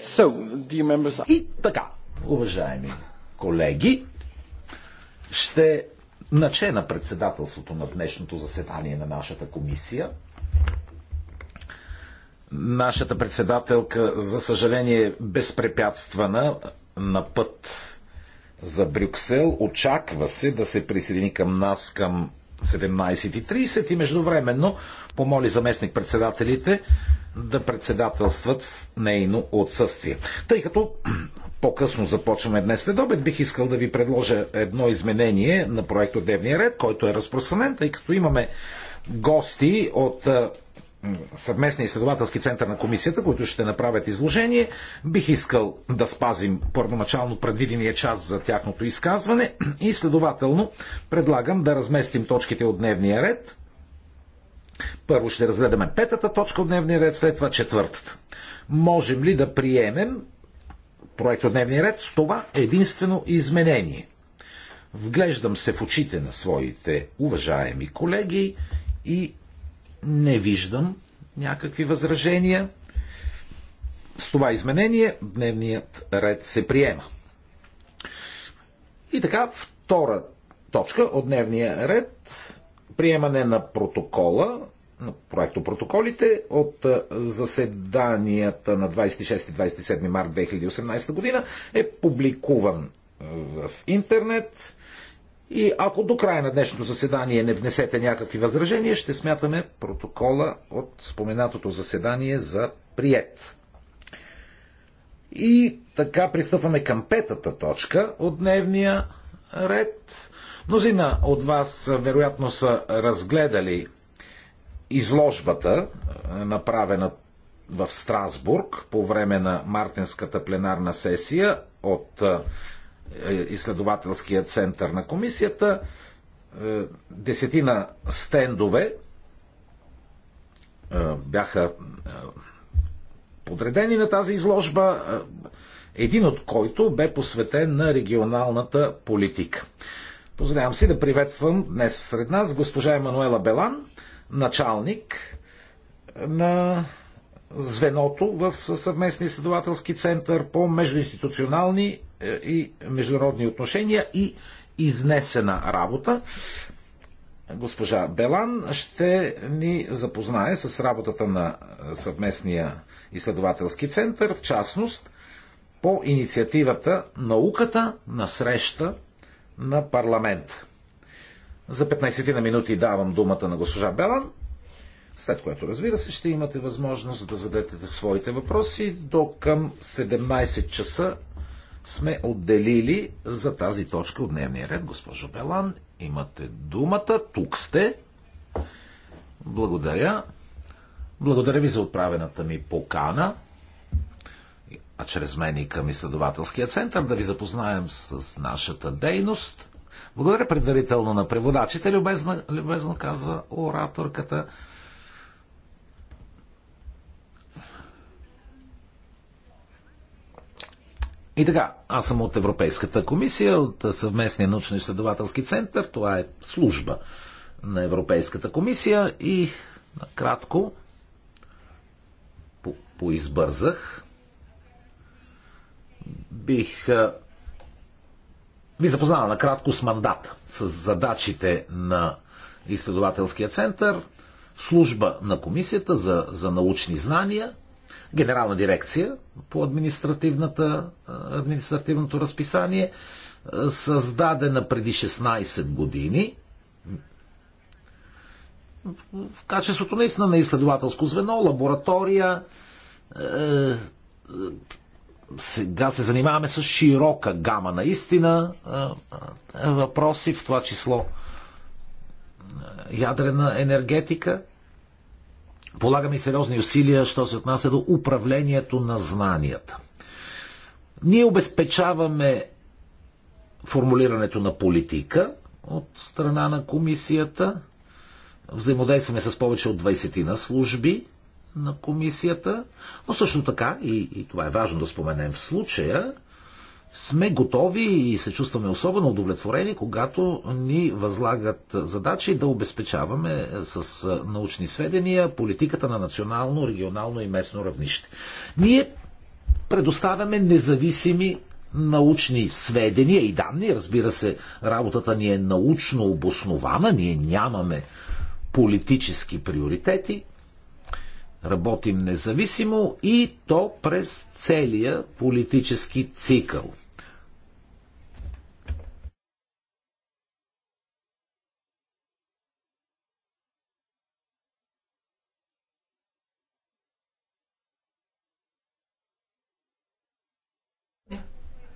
So, И така, уважаеми колеги, ще наче на председателството на днешното заседание на нашата комисия. Нашата председателка, за съжаление, безпрепятствана на път за Брюксел. Очаква се да се присъедини към нас към 17.30 и междувременно помоли заместник председателите да председателстват в нейно отсъствие. Тъй като по-късно започваме днес след обед, бих искал да ви предложа едно изменение на от Дневния ред, който е разпространен, тъй като имаме гости от съвместния изследователски център на комисията, които ще направят изложение. Бих искал да спазим първоначално предвидения час за тяхното изказване и следователно предлагам да разместим точките от дневния ред първо ще разгледаме петата точка от дневния ред, след това четвъртата. Можем ли да приемем проект от дневния ред с това единствено изменение? Вглеждам се в очите на своите уважаеми колеги и не виждам някакви възражения. С това изменение дневният ред се приема. И така, втора точка от дневния ред приемане на протокола, на проектопротоколите от заседанията на 26 и 27 март 2018 година е публикуван в интернет. И ако до края на днешното заседание не внесете някакви възражения, ще смятаме протокола от споменатото заседание за прият. И така пристъпваме към петата точка от дневния ред. Мнозина от вас вероятно са разгледали изложбата, направена в Страсбург по време на мартинската пленарна сесия от е, изследователския център на комисията. Е, десетина стендове е, бяха подредени на тази изложба, един от който бе посветен на регионалната политика. Позволявам си да приветствам днес сред нас госпожа Емануела Белан, началник на звеното в съвместния изследователски център по междуинституционални е, и международни отношения и изнесена работа. Госпожа Белан ще ни запознае с работата на съвместния изследователски център, в частност по инициативата Науката на среща на парламент. За 15 ти на минути давам думата на госпожа Белан, след което, разбира се, ще имате възможност да зададете своите въпроси. До към 17 часа сме отделили за тази точка от дневния ред. Госпожо Белан, имате думата. Тук сте. Благодаря. Благодаря ви за отправената ми покана а чрез мен и към изследователския център, да ви запознаем с нашата дейност. Благодаря предварително на преводачите, любезно, любезно казва ораторката. И така, аз съм от Европейската комисия, от съвместния научно-изследователски център. Това е служба на Европейската комисия и накратко по- поизбързах бих ви запознава накратко с мандат с задачите на изследователския център, служба на комисията за, за научни знания, генерална дирекция по административната, административното разписание, създадена преди 16 години, в качеството наистина на изследователско звено, лаборатория, е, сега се занимаваме с широка гама наистина въпроси, в това число ядрена енергетика. Полагаме и сериозни усилия, що се отнася до управлението на знанията. Ние обезпечаваме формулирането на политика от страна на комисията. Взаимодействаме с повече от 20 на служби – на комисията, но също така, и, и това е важно да споменем в случая, сме готови и се чувстваме особено удовлетворени, когато ни възлагат задачи да обезпечаваме с научни сведения политиката на национално, регионално и местно равнище. Ние предоставяме независими научни сведения и данни. Разбира се, работата ни е научно обоснована, ние нямаме политически приоритети, работим независимо и то през целия политически цикъл.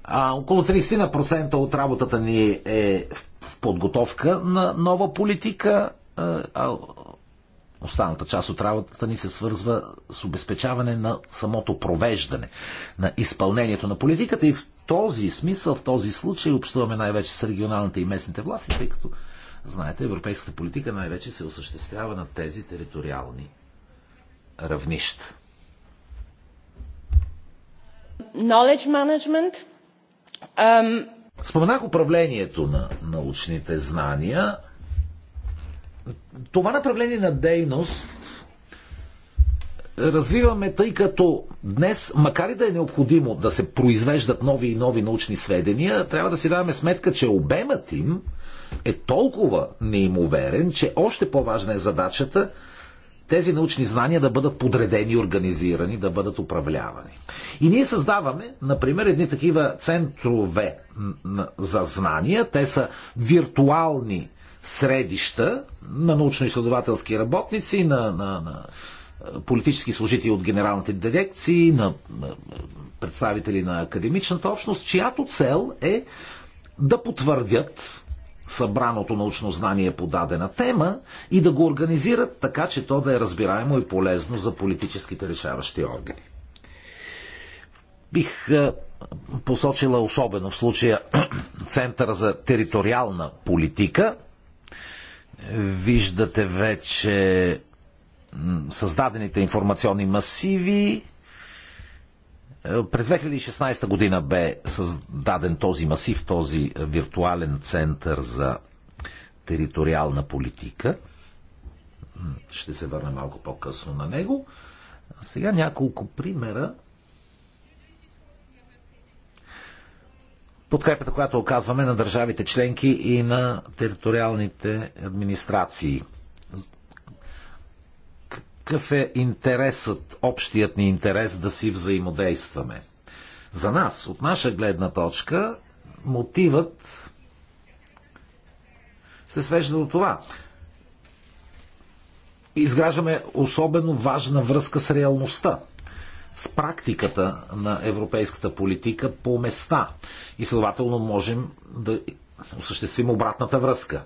А, около 30% от работата ни е в подготовка на нова политика, а Останалата част от работата ни се свързва с обезпечаване на самото провеждане, на изпълнението на политиката и в този смисъл, в този случай общуваме най-вече с регионалните и местните власти, тъй като, знаете, европейската политика най-вече се осъществява на тези териториални равнища. Knowledge management. Um... Споменах управлението на научните знания – това направление на дейност развиваме, тъй като днес, макар и да е необходимо да се произвеждат нови и нови научни сведения, трябва да си даваме сметка, че обемът им е толкова неимоверен, че още по-важна е задачата тези научни знания да бъдат подредени, организирани, да бъдат управлявани. И ние създаваме, например, едни такива центрове за знания. Те са виртуални средища на научно-изследователски работници, на, на, на политически служители от генералните дирекции, на, на представители на академичната общност, чиято цел е да потвърдят събраното научно знание по дадена тема и да го организират така, че то да е разбираемо и полезно за политическите решаващи органи. Бих е, посочила особено в случая Центъра за териториална политика – Виждате вече създадените информационни масиви. Е, през 2016 година бе създаден този масив, този виртуален център за териториална политика. Ще се върна малко по-късно на него. Сега няколко примера подкрепата, която оказваме на държавите членки и на териториалните администрации. Какъв е интересът, общият ни интерес да си взаимодействаме? За нас, от наша гледна точка, мотивът се свежда до това. Изграждаме особено важна връзка с реалността – с практиката на европейската политика по места. И следователно можем да осъществим обратната връзка.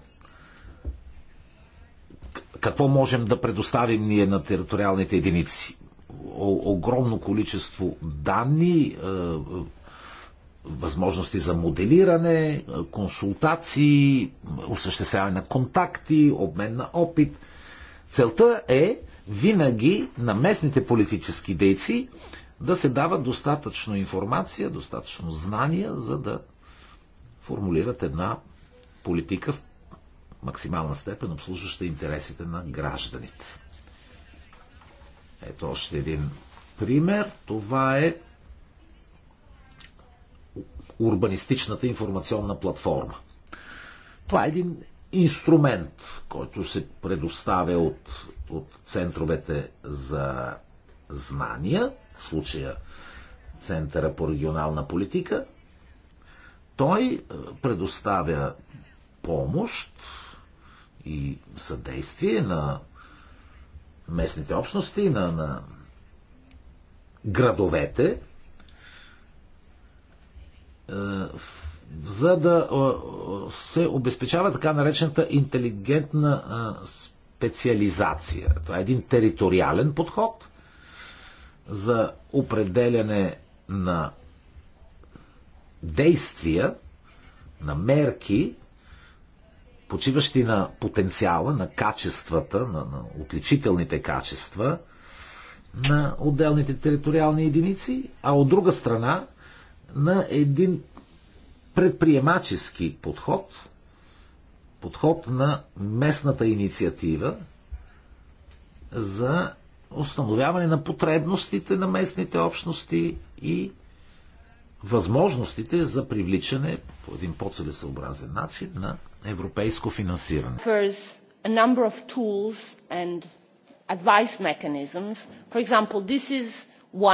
Какво можем да предоставим ние на териториалните единици? О- огромно количество данни, е, възможности за моделиране, консултации, осъществяване на контакти, обмен на опит. Целта е винаги на местните политически дейци да се дава достатъчно информация, достатъчно знания, за да формулират една политика в максимална степен, обслужваща интересите на гражданите. Ето още един пример. Това е урбанистичната информационна платформа. Това е един инструмент, който се предоставя от от центровете за знания, в случая Центъра по регионална политика, той е, предоставя помощ и съдействие на местните общности, на, на градовете, е, за да е, се обезпечава така наречената интелигентна специализация. Това е един териториален подход за определяне на действия, на мерки, почиващи на потенциала, на качествата, на, на отличителните качества на отделните териториални единици, а от друга страна на един предприемачески подход, подход на местната инициатива за установяване на потребностите на местните общности и възможностите за привличане по един по целесообразен начин на европейско финансиране.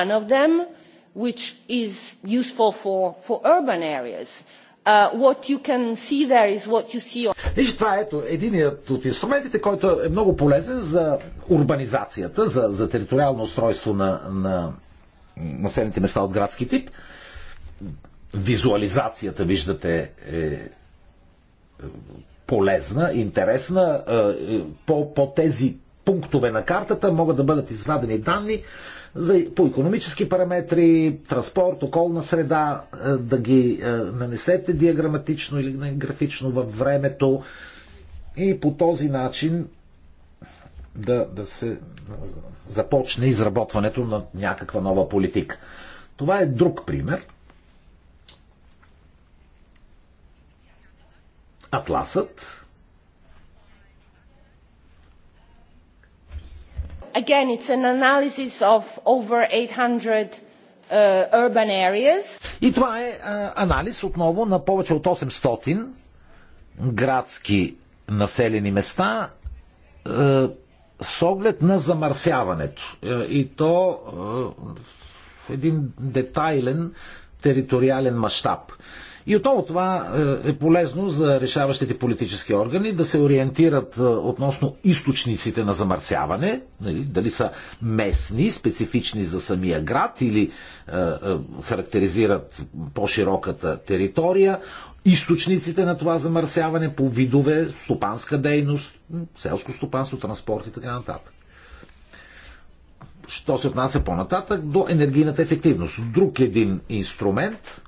one of them which is useful for, for urban areas Виж, това е, ето единият от инструментите, който е много полезен за урбанизацията, за, за териториално устройство на, на населените места от градски тип. Визуализацията, виждате, е, е полезна, интересна. Е, по, по тези пунктове на картата могат да бъдат извадени данни за, по економически параметри, транспорт, околна среда, е, да ги е, нанесете диаграматично или графично във времето и по този начин да, да се започне изработването на някаква нова политика. Това е друг пример. Атласът again, it's an analysis of over 800 uh, urban areas. И това е а, анализ отново на повече от 800 градски населени места а, е, с оглед на замърсяването. Е, и то а, е, в един детайлен териториален мащаб. И отново това е, е полезно за решаващите политически органи да се ориентират е, относно източниците на замърсяване, нали, дали са местни, специфични за самия град или е, характеризират по-широката територия, източниците на това замърсяване по видове, стопанска дейност, селско стопанство, транспорт и така нататък що се отнася по-нататък до енергийната ефективност. Друг един инструмент,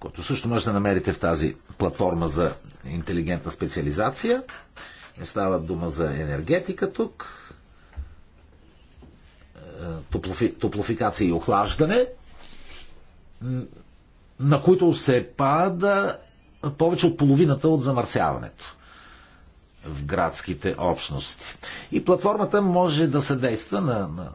който също може да намерите в тази платформа за интелигентна специализация. Не става дума за енергетика тук, е, топлофи, топлофикация и охлаждане, на които се пада повече от половината от замърсяването в градските общности. И платформата може да съдейства на, на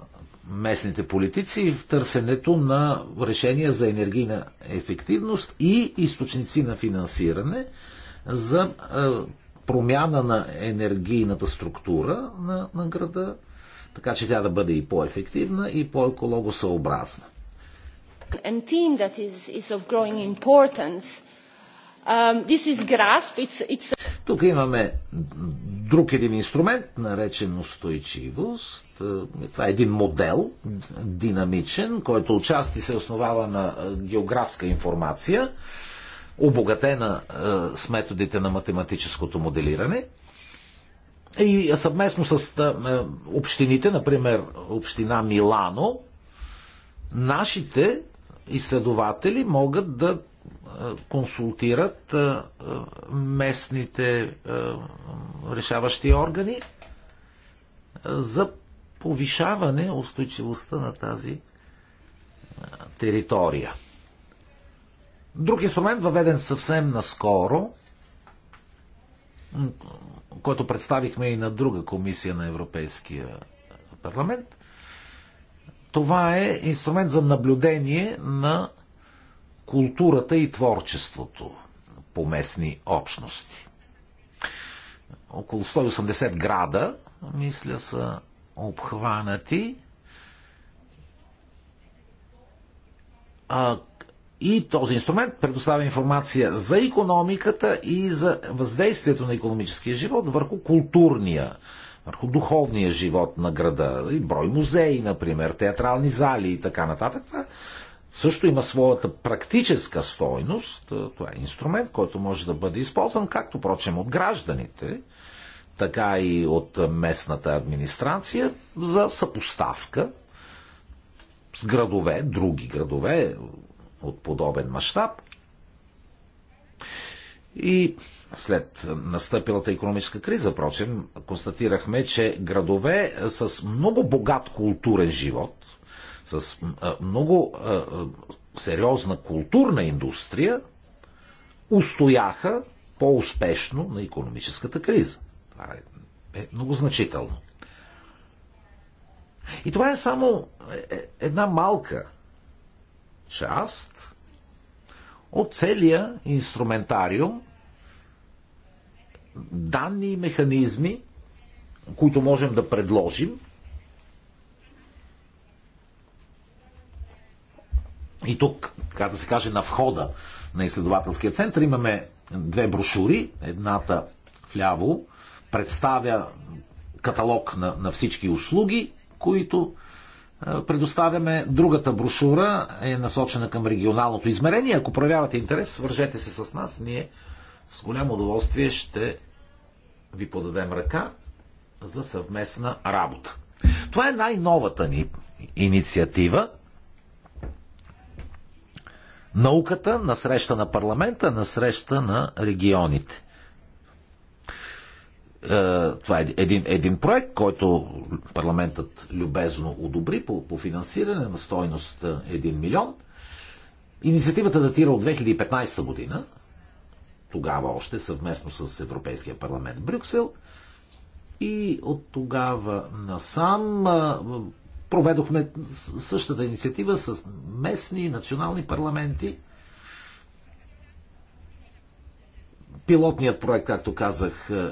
местните политици в търсенето на решения за енергийна ефективност и източници на финансиране за промяна на енергийната структура на, на града, така че тя да бъде и по-ефективна и по-екологосъобразна. And that is, is of growing importance. Um, this is grasp, it's, it's тук имаме друг един инструмент, наречен устойчивост. Е, това е един модел, динамичен, който отчасти се основава на е, географска информация, обогатена е, с методите на математическото моделиране. И съвместно с общините, например община Милано, нашите изследователи могат да консултират местните решаващи органи за повишаване устойчивостта на тази територия. Друг инструмент, въведен съвсем наскоро, който представихме и на друга комисия на Европейския парламент, това е инструмент за наблюдение на културата и творчеството по местни общности. Около 180 града, мисля, са обхванати. А, и този инструмент предоставя информация за економиката и за въздействието на економическия живот върху културния, върху духовния живот на града. И брой музеи, например, театрални зали и така нататък също има своята практическа стойност. Е, това е инструмент, който може да бъде използван както, прочем, от гражданите, така и от местната администрация за съпоставка с градове, други градове от подобен мащаб. И след настъпилата економическа криза, прочем, констатирахме, че градове с много богат културен живот – с много сериозна културна индустрия, устояха по-успешно на економическата криза. Това е, е много значително. И това е само е, е, една малка част от целия инструментариум данни и механизми, които можем да предложим И тук, така да се каже, на входа на изследователския център имаме две брошури. Едната вляво представя каталог на, на всички услуги, които е, предоставяме. Другата брошура е насочена към регионалното измерение. Ако проявявате интерес, свържете се с нас. Ние с голямо удоволствие ще ви подадем ръка за съвместна работа. Това е най-новата ни инициатива науката, на среща на парламента, на среща на регионите. Е, това е един, един проект, който парламентът любезно одобри по, по финансиране на стойност 1 е, милион. Инициативата датира от 2015 година, тогава още съвместно с Европейския парламент Брюксел. И от тогава насам е, проведохме същата инициатива с местни и национални парламенти. Пилотният проект, както казах, е, е,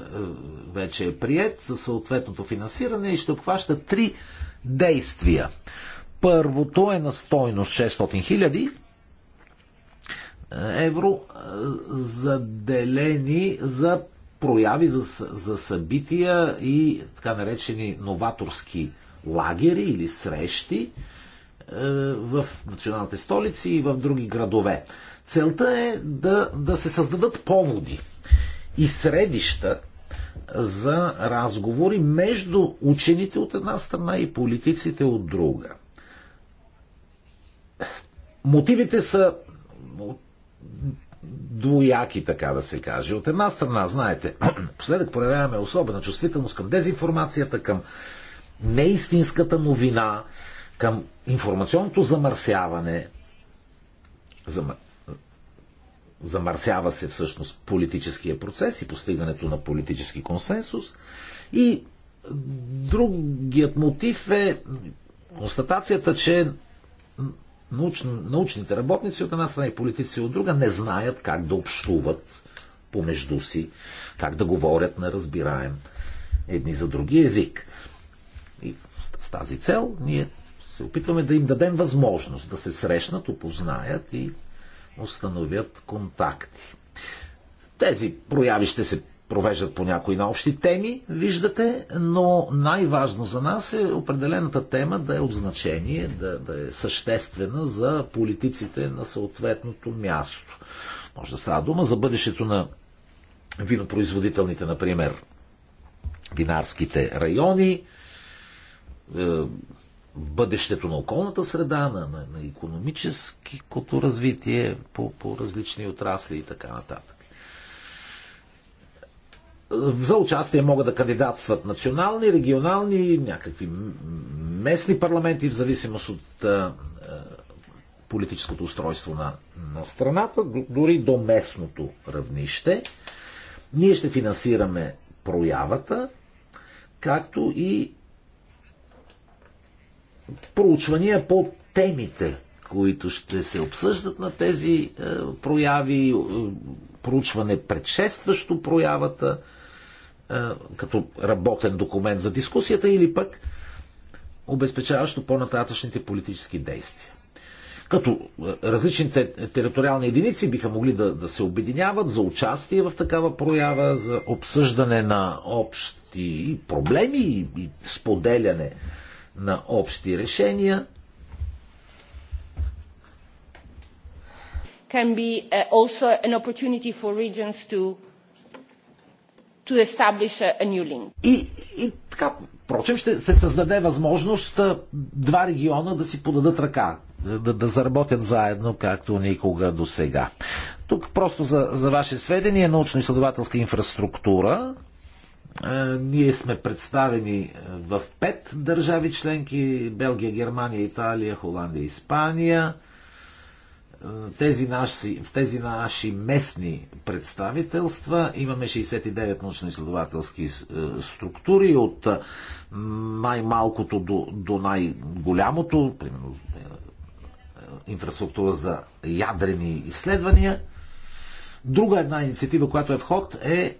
вече е прият със съответното финансиране и ще обхваща три действия. Първото е на стойност 600 хиляди е, евро, заделени за прояви, за, за събития и така наречени новаторски лагери или срещи е, в националните столици и в други градове. Целта е да, да се създадат поводи и средища за разговори между учените от една страна и политиците от друга. Мотивите са двояки, така да се каже. От една страна, знаете, последък проявяваме особена чувствителност към дезинформацията, към неистинската новина, към информационното замърсяване. Замърсява се всъщност политическия процес и постигането на политически консенсус. И другият мотив е констатацията, че научните работници от една страна и политици от друга не знаят как да общуват помежду си, как да говорят на разбираем едни за други език. С тази цел ние се опитваме да им дадем възможност да се срещнат, опознаят и установят контакти. Тези прояви ще се провеждат по някои на общи теми, виждате, но най-важно за нас е определената тема да е от значение, да, да е съществена за политиците на съответното място. Може да става дума за бъдещето на винопроизводителните, например, винарските райони, е, бъдещето на околната среда, на, на, на економическото развитие по, по различни отрасли и така нататък. За участие могат да кандидатстват национални, регионални, някакви местни парламенти, в зависимост от а, е, е, политическото устройство на, на страната, дори до местното равнище. Ние ще финансираме проявата, както и проучвания по темите, които ще се обсъждат на тези е, прояви, е, проучване предшестващо проявата, е, като работен документ за дискусията или пък обезпечаващо по-нататъчните политически действия. Като е, различните териториални единици биха могли да, да се обединяват за участие в такава проява, за обсъждане на общи проблеми и, и споделяне на общи решения. Can be uh, also an opportunity for regions to, to establish a new link. И, и така, впрочем, ще се създаде възможност два региона да си подадат ръка, да, да заработят заедно, както никога до сега. Тук просто за, за ваше сведение научно-изследователска инфраструктура, е, ние сме представени е, в пет държави членки Белгия, Германия, Италия, Холандия, Испания. Е, тези наши, в тези наши местни представителства имаме 69 научно-изследователски структури от най-малкото до, до най-голямото, примерно инфраструктура за ядрени изследвания. Друга една инициатива, която е в ход, е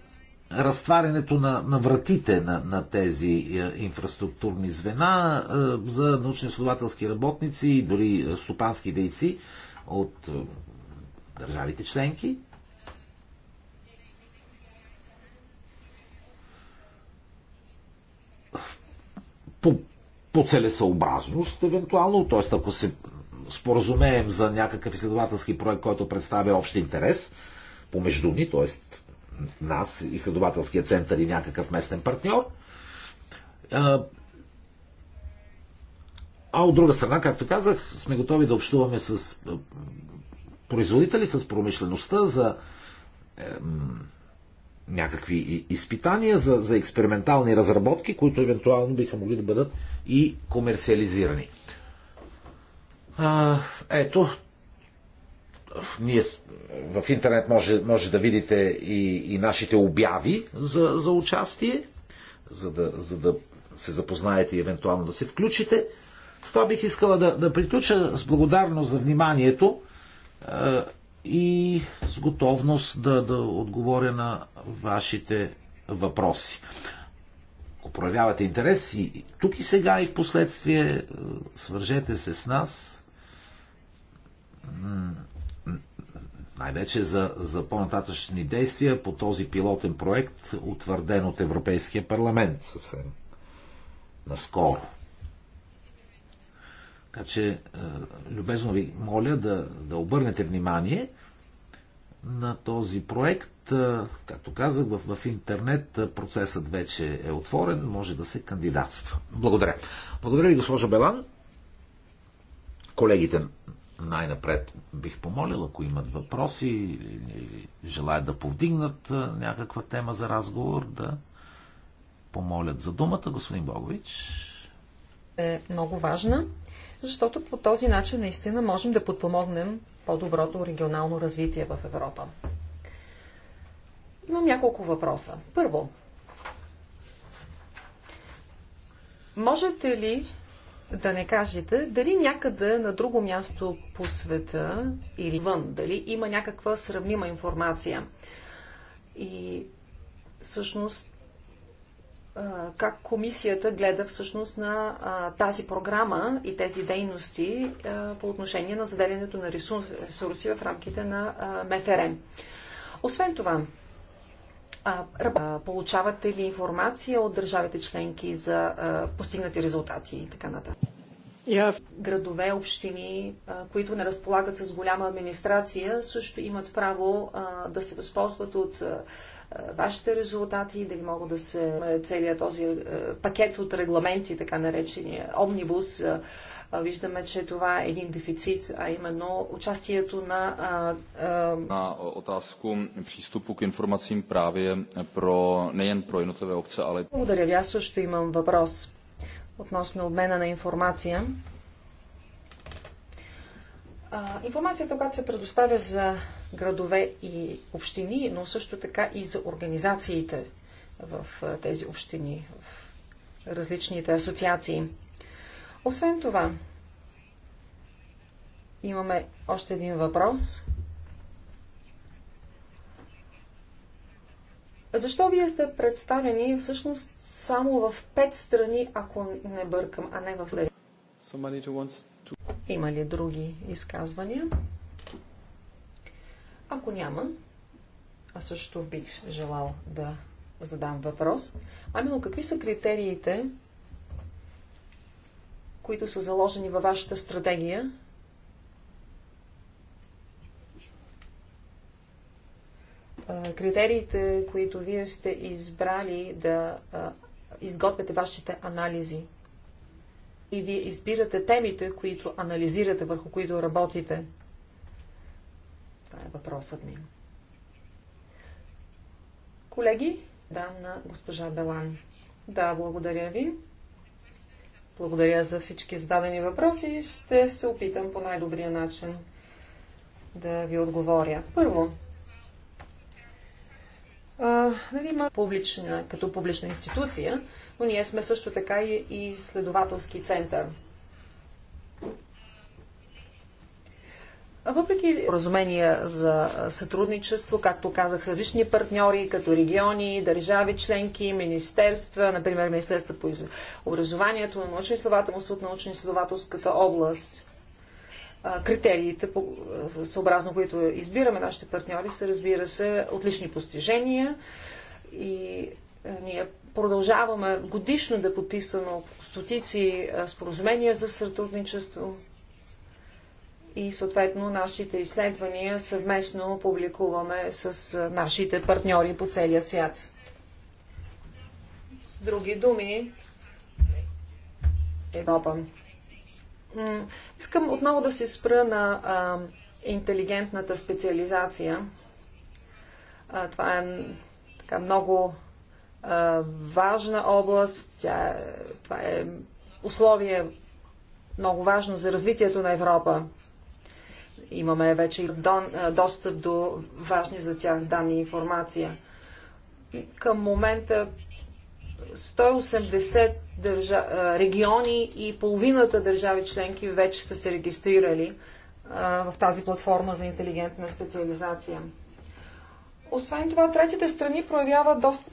разтварянето на, на вратите на, на тези е, инфраструктурни звена е, за научно-изследователски работници и дори е, стопански дейци от държавите членки. По, по целесъобразност, евентуално, т.е. ако се споразумеем за някакъв изследователски проект, който представя общ интерес помежду ни, т.е нас, изследователския център и някакъв местен партньор. А от друга страна, както казах, сме готови да общуваме с производители, с промишлеността за е, някакви изпитания, за, за експериментални разработки, които евентуално биха могли да бъдат и комерциализирани. А, ето, ние в интернет може, може да видите и, и нашите обяви за, за участие, за да, за да се запознаете и евентуално да се включите. С това бих искала да, да приключа с благодарност за вниманието е, и с готовност да, да отговоря на вашите въпроси. Ако проявявате интерес и, тук и сега и в последствие, е, свържете се с нас най-вече за, за по-нататъчни действия по този пилотен проект, утвърден от Европейския парламент съвсем наскоро. Така че, е, любезно ви моля да, да обърнете внимание на този проект. Е, както казах, в, в интернет е, процесът вече е отворен, може да се кандидатства. Благодаря. Благодаря ви, госпожо Белан. Колегите най-напред бих помолил, ако имат въпроси, желаят да повдигнат някаква тема за разговор, да помолят за думата, господин Богович. Е много важна, защото по този начин наистина можем да подпомогнем по-доброто регионално развитие в Европа. Имам няколко въпроса. Първо, можете ли да не кажете дали някъде на друго място по света или вън, дали има някаква сравнима информация. И всъщност как комисията гледа всъщност на тази програма и тези дейности по отношение на заделянето на ресурси в рамките на МФРМ. Освен това, а, получавате ли информация от държавите членки за постигнати резултати и така нататък? Yeah. Градове, общини, които не разполагат с голяма администрация, също имат право да се възползват от вашите резултати да ги могат да се е, целият този е, пакет от регламенти, така наречения омнибус. Виждаме, че това е един дефицит, а именно участието на... На отазку приступу к информациям праве про, неен про jednotlivé obce, Благодаря ви, аз също имам въпрос относно обмена на информация. информацията, която се предоставя за градове и общини, но също така и за организациите в тези общини, в различните асоциации. Освен това, имаме още един въпрос – Защо вие сте представени всъщност само в пет страни, ако не бъркам, а не в седем? Има ли други изказвания? Ако няма, аз също бих желал да задам въпрос. ами но какви са критериите, които са заложени във вашата стратегия критериите, които вие сте избрали да изготвяте вашите анализи. И вие избирате темите, които анализирате, върху които работите. Това е въпросът ми. Колеги, дам на госпожа Белан. Да, благодаря ви. Благодаря за всички зададени въпроси. Ще се опитам по най-добрия начин да ви отговоря. Първо, а, нали, има публична, като публична институция, но ние сме също така и, и следователски център. Въпреки разумения за сътрудничество, както казах, с различни партньори, като региони, държави членки, министерства, например Министерства по образованието, на научно изследователство от научно-изследователската област, критериите, съобразно които избираме нашите партньори, са, разбира се, отлични постижения и ние продължаваме годишно да подписваме стотици споразумения за сътрудничество и съответно нашите изследвания съвместно публикуваме с нашите партньори по целия свят. С други думи, Европа Искам отново да се спра на а, интелигентната специализация. А, това е така много а, важна област. Тя е, това е условие много важно за развитието на Европа. Имаме вече и до, достъп до важни за тях данни и информация. Към момента 180 държа... региони и половината държави членки вече са се регистрирали в тази платформа за интелигентна специализация. Освен това, третите страни проявяват доста.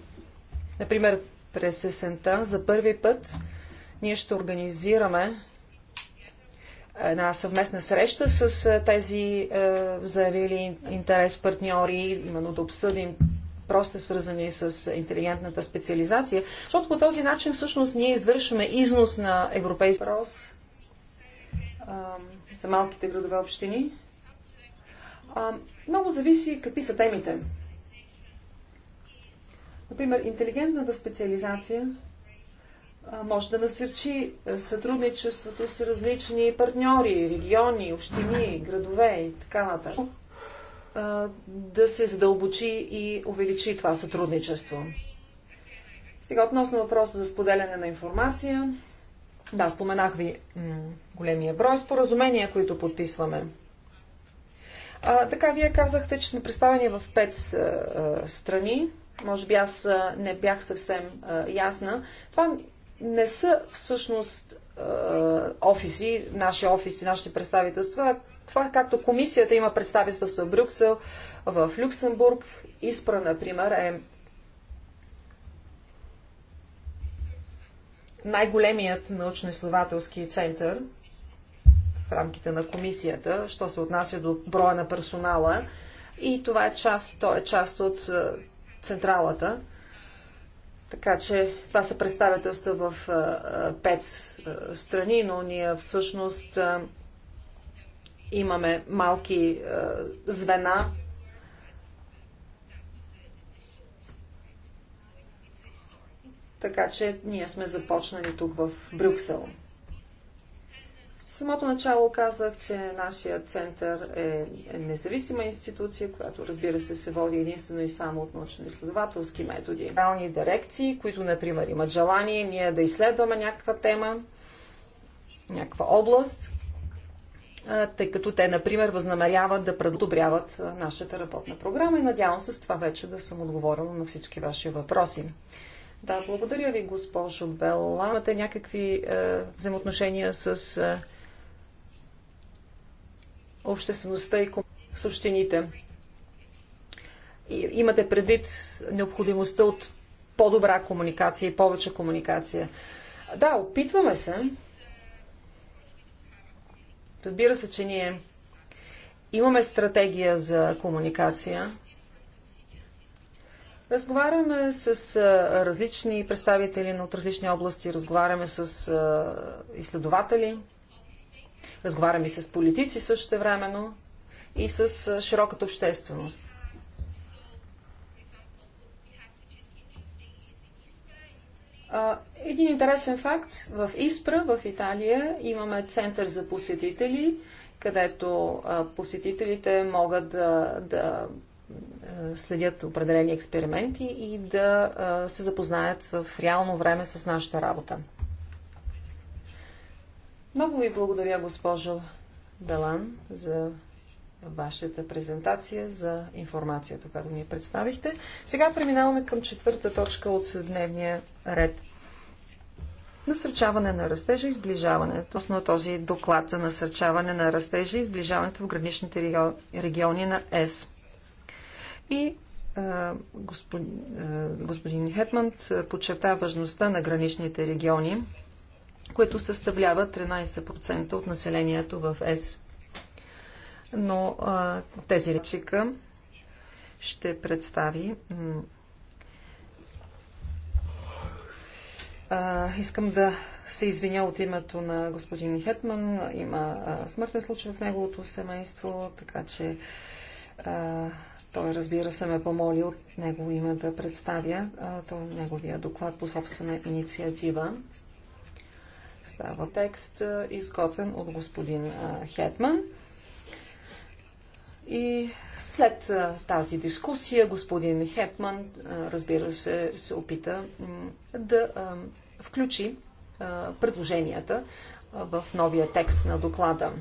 Например, през есента за първи път ние ще организираме една съвместна среща с тези е, заявили интерес партньори, именно да обсъдим просто свързани с интелигентната специализация, защото по този начин всъщност ние извършваме износ на европейски въпрос за малките градове общини. А, много зависи какви са темите. Например, интелигентната специализация може да насърчи е, сътрудничеството с различни партньори, региони, общини, градове и така нататък да се задълбочи и увеличи това сътрудничество. Сега относно въпроса за споделяне на информация. Да, споменах ви големия брой споразумения, които подписваме. А, така, вие казахте, че сме представени в пет а, страни. Може би аз а, не бях съвсем а, ясна. Това не са всъщност офиси, наши офиси, нашите представителства, това е както комисията има представителство в Брюксел, в Люксембург, Испра, например, е най-големият научно-изследователски център в рамките на комисията, що се отнася до броя на персонала. И това е част, то е част от е, централата. Така че това са представителства в е, е, пет страни, но ние всъщност имаме малки е, звена. Така че ние сме започнали тук в Брюксел. В самото начало казах, че нашия център е, е независима институция, която разбира се се води единствено и само от научно-изследователски методи. Реални дирекции, които, например, имат желание ние да изследваме някаква тема, някаква област, тъй като те, например, възнамеряват да предобряват нашата работна програма и надявам се с това вече да съм отговорила на всички ваши въпроси. Да, благодаря ви, госпожо Белла. Имате някакви е, взаимоотношения с е, обществеността и с общините? И, имате предвид необходимостта от по-добра комуникация и повече комуникация. Да, опитваме се Разбира се, че ние имаме стратегия за комуникация. Разговаряме с различни представители от различни области, разговаряме с изследователи, разговаряме и с политици също времено и с широката общественост. Един интересен факт. В Испра, в Италия, имаме център за посетители, където посетителите могат да, да следят определени експерименти и да се запознаят в реално време с нашата работа. Много ви благодаря, госпожо Далан, за вашата презентация, за информацията, която ни представихте. Сега преминаваме към четвърта точка от дневния ред насърчаване на растежа и сближаването. Основно този доклад за насърчаване на растежа и сближаването в граничните региони на ЕС. И господин Хетманд подчерта важността на граничните региони, които съставляват 13% от населението в ЕС. Но тези речика ще представи А, искам да се извиня от името на господин Хетман. Има а, смъртен случай в неговото семейство, така че а, той, разбира се, ме помоли от него име да представя а, то, неговия доклад по собствена инициатива. Става текст, изготвен от господин а, Хетман. И след тази дискусия господин Хепман, разбира се, се опита да включи предложенията в новия текст на доклада.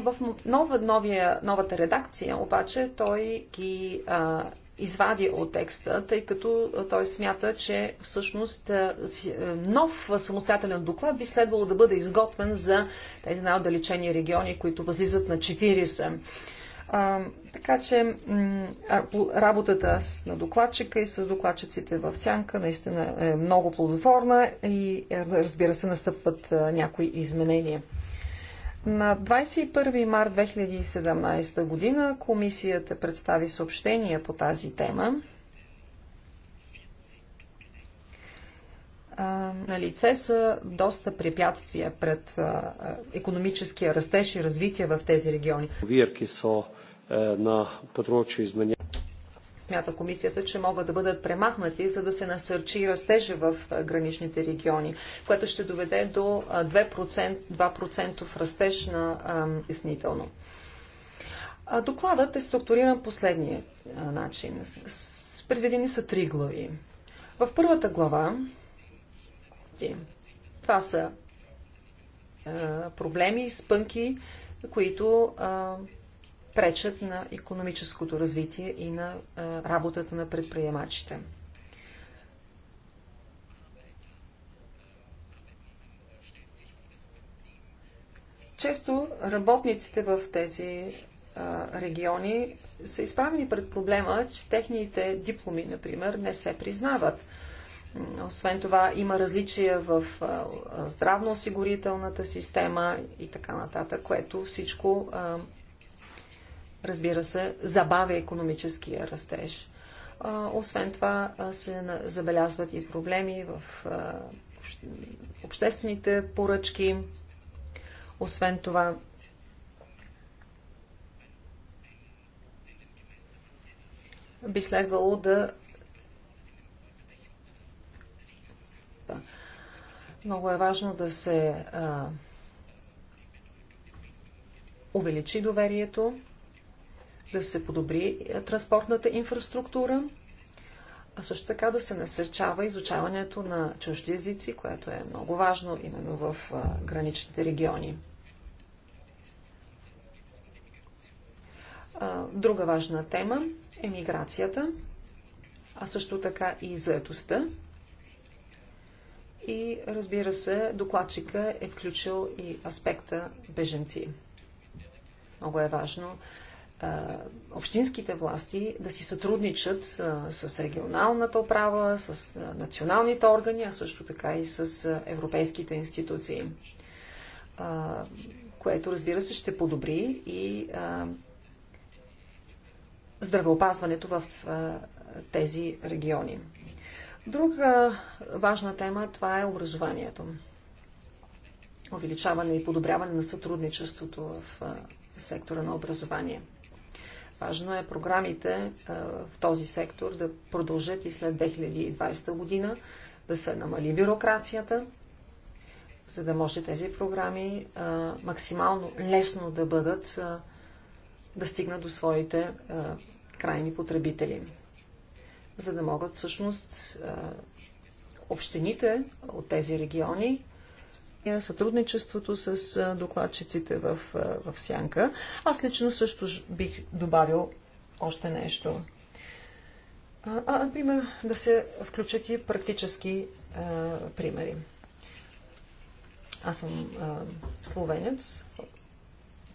В нова, новия, новата редакция обаче той ги а, извади от текста, тъй като той смята, че всъщност нов самостоятелен доклад би следвало да бъде изготвен за тези най-отдалечени региони, които възлизат на 40. А, така че работата на докладчика и с докладчиците в Сянка наистина е много плодотворна и разбира се настъпват някои изменения. На 21 март 2017 година комисията представи съобщение по тази тема. На лице са доста препятствия пред економическия растеж и развитие в тези региони. Вирки са е, на подрочи изменения смята комисията, че могат да бъдат премахнати, за да се насърчи растеже в граничните региони, което ще доведе до 2%, 2% растеж на яснително. Докладът е структуриран последния начин. Предвидени са три глави. В първата глава това са проблеми, спънки, които пречат на економическото развитие и на работата на предприемачите. Често работниците в тези региони са изправени пред проблема, че техните дипломи, например, не се признават. Освен това, има различия в здравноосигурителната система и така нататък, което всичко разбира се, забавя економическия растеж. Освен това се забелязват и проблеми в обществените поръчки. Освен това, би следвало да. Много е важно да се а, увеличи доверието да се подобри е, транспортната инфраструктура, а също така да се насърчава изучаването на чужди езици, което е много важно именно в е, граничните региони. Друга важна тема е миграцията, а също така и заедостта. И разбира се, докладчика е включил и аспекта беженци. Много е важно общинските власти да си сътрудничат с регионалната управа, с националните органи, а също така и с европейските институции. Което, разбира се, ще подобри и здравеопазването в тези региони. Друга важна тема това е образованието. Увеличаване и подобряване на сътрудничеството в сектора на образование. Важно е програмите в този сектор да продължат и след 2020 година, да се намали бюрокрацията, за да може тези програми максимално лесно да бъдат, да стигнат до своите крайни потребители. За да могат всъщност общините от тези региони сътрудничеството с докладчиците в, в Сянка. Аз лично също бих добавил още нещо. А, а например, да се включат и практически а, примери. Аз съм а, словенец,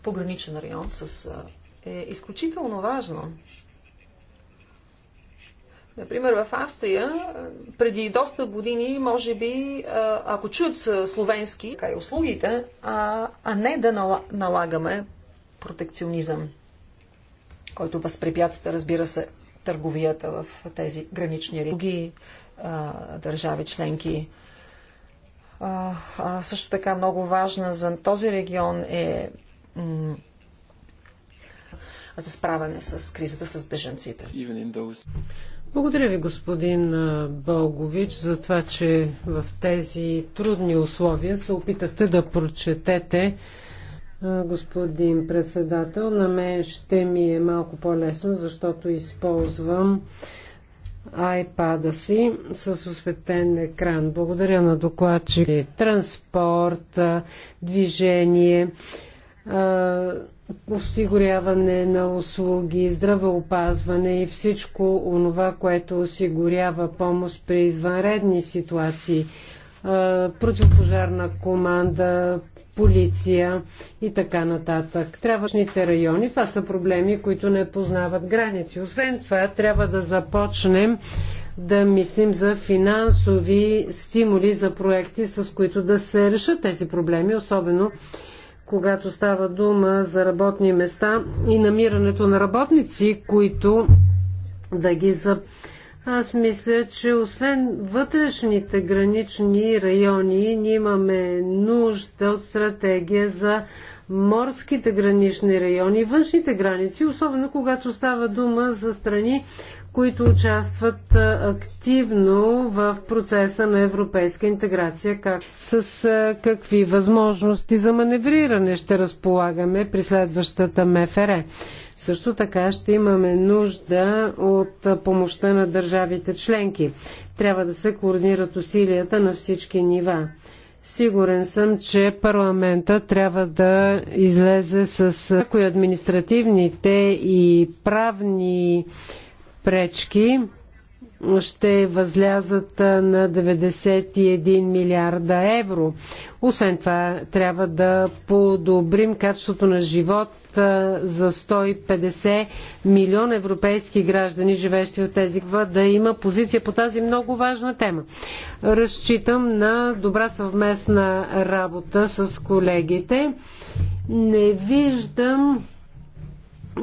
пограничен район с. А, е изключително важно Например, в Австрия преди доста години, може би, ако чуят словенски, така и услугите, а, а не да налагаме протекционизъм, който възпрепятства, разбира се, търговията в тези гранични други държави членки. А, а също така много важна за този регион е за справяне с кризата с беженците. Благодаря ви, господин Бългович, за това, че в тези трудни условия се опитахте да прочетете господин председател. На мен ще ми е малко по-лесно, защото използвам iPad-а си с осветен екран. Благодаря на докладчик. Транспорт, движение, осигуряване на услуги, здравеопазване и всичко онова, което осигурява помощ при извънредни ситуации, противопожарна команда, полиция и така нататък. Трябващните райони, това са проблеми, които не познават граници. Освен това, трябва да започнем да мислим за финансови стимули за проекти, с които да се решат тези проблеми, особено когато става дума за работни места и намирането на работници, които да ги за... Аз мисля, че освен вътрешните гранични райони, ние имаме нужда от стратегия за морските гранични райони, външните граници, особено когато става дума за страни, които участват активно в процеса на европейска интеграция. Как, с какви възможности за маневриране ще разполагаме при следващата МФР? Също така ще имаме нужда от помощта на държавите членки. Трябва да се координират усилията на всички нива. Сигурен съм, че парламента трябва да излезе с някои административните и правни пречки ще възлязат на 91 милиарда евро. Освен това, трябва да подобрим качеството на живот за 150 милиона европейски граждани, живещи в тези гва, да има позиция по тази много важна тема. Разчитам на добра съвместна работа с колегите. Не виждам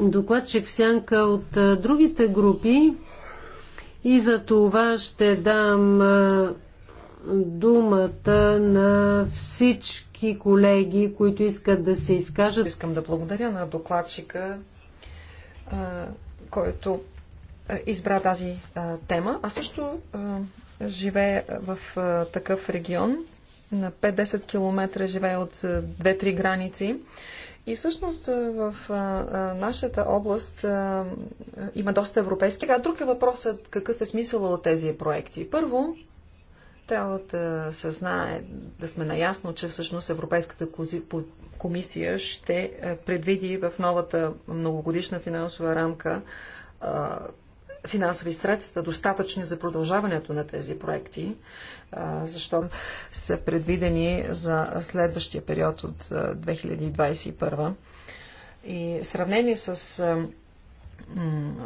докладчик в сянка от другите групи и за това ще дам думата на всички колеги, които искат да се изкажат. Искам да благодаря на докладчика, който избра тази тема. Аз също живея в такъв регион. На 5-10 км живея от 2-3 граници. И всъщност в нашата област има доста европейски. А друг е въпросът какъв е смисъл от тези проекти. Първо, трябва да се знае, да сме наясно, че всъщност Европейската комисия ще предвиди в новата многогодишна финансова рамка финансови средства достатъчни за продължаването на тези проекти, защото са предвидени за следващия период от 2021. И в сравнение с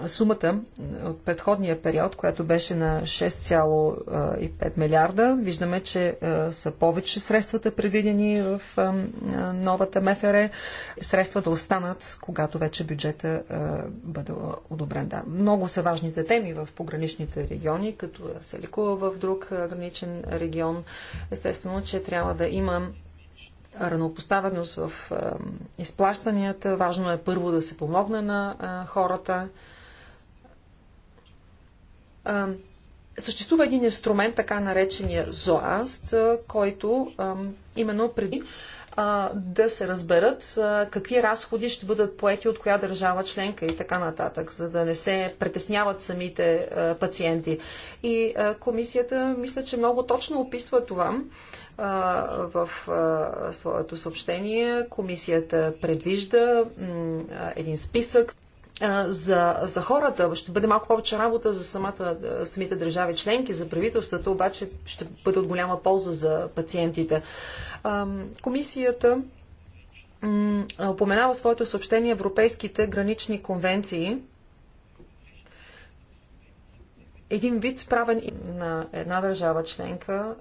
сумата от предходния период, която беше на 6,5 милиарда, виждаме, че са повече средствата предвидени в новата МФР. Средства да останат, когато вече бюджета бъде одобрен. Да, много са важните теми в пограничните региони, като се ликува в друг граничен регион. Естествено, че трябва да има равнопоставеност в изплащанията. Важно е първо да се помогне на хората. Съществува един инструмент, така наречения ЗОАСТ, който именно преди да се разберат какви разходи ще бъдат поети от коя държава членка и така нататък, за да не се притесняват самите пациенти. И комисията мисля, че много точно описва това в своето съобщение комисията предвижда един списък за, за хората. Ще бъде малко повече работа за самата, самите държави членки, за правителствата, обаче ще бъде от голяма полза за пациентите. Комисията упоменава своето съобщение Европейските гранични конвенции. Един вид правен на една държава членка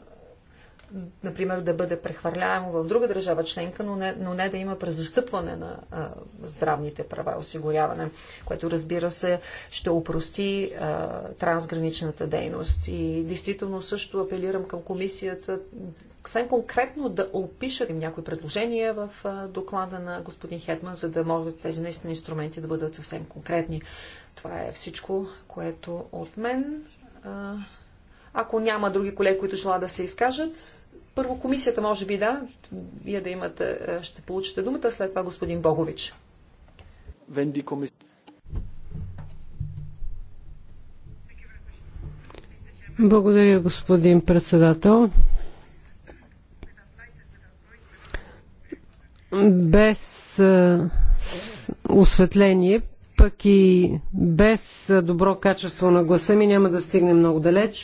например, да бъде прехвърляемо в друга държава членка, но не, но не да има презастъпване на а, здравните права и осигуряване, което разбира се ще упрости а, трансграничната дейност. И действително също апелирам към комисията съвсем конкретно да опишат им някои предложения в а, доклада на господин Хетман, за да могат тези наистина инструменти да бъдат съвсем конкретни. Това е всичко, което от мен. А, ако няма други колеги, които желаят да се изкажат, първо комисията, може би, да. Вие да имате, е, ще получите думата, след това господин Богович. Венди комисията. Благодаря, господин председател. Без е, осветление, пък и без е, добро качество на гласа ми няма да стигне много далеч.